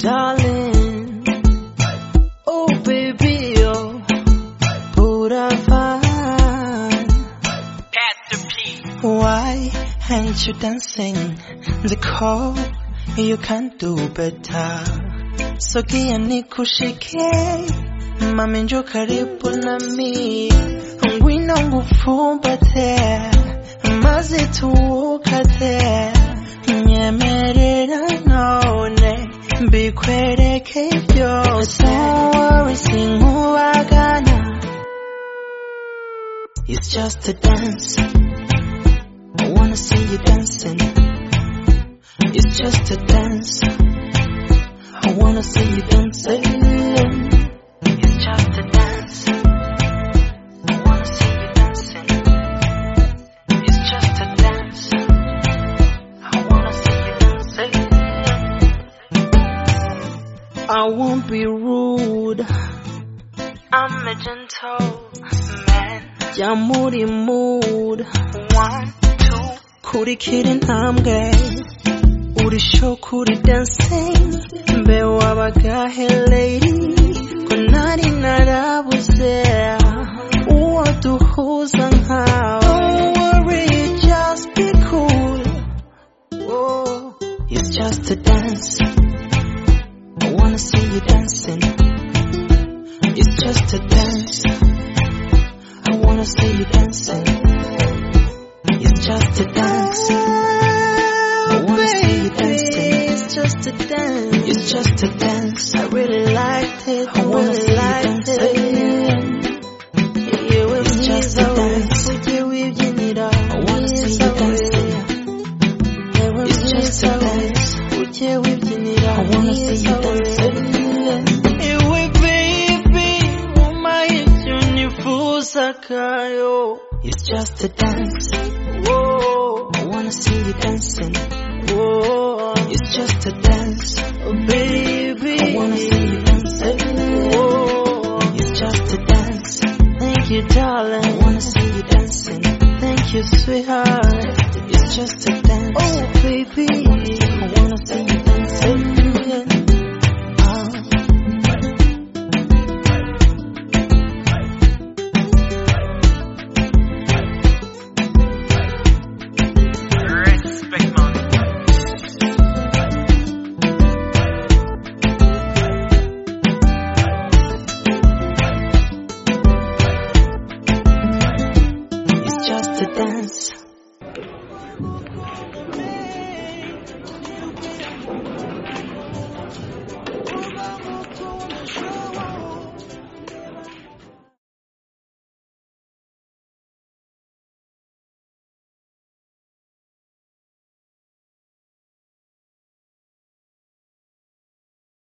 darling. Oh, baby, oh, put a Why aren't you dancing the call? You can do better. So Sogea nikushike, mami njoo karibu nami, ngwino ngufumbate, maze tuukate. Bikwere kebyo Sorry singuwagana It's just a dance I wanna see you dancing It's just a dance I wanna see you dancing I won't be rude. I'm a gentleman. moody mood. One, two. Kuri kidding, I'm gay. Uri show, kuri dancing. Bewa bagahe lady. Kunari narabuze. Uwa tuhuzang hao. Don't worry, just be cool. it's just a dance see you dancing. It's just a dance. I wanna see you dancing. It's just a dance. I wanna see you oh, dancing. It's just a dance. It's just a dance. I really liked it. I wanna akayo. It's just a dance. Whoa. I wanna see you dancing. Whoa. It's just a dance. Oh, baby. I wanna see you dancing. Whoa. It's just a dance. Thank you, darling. I wanna see you dancing. Thank you, sweetheart. It's just a dance. Oh.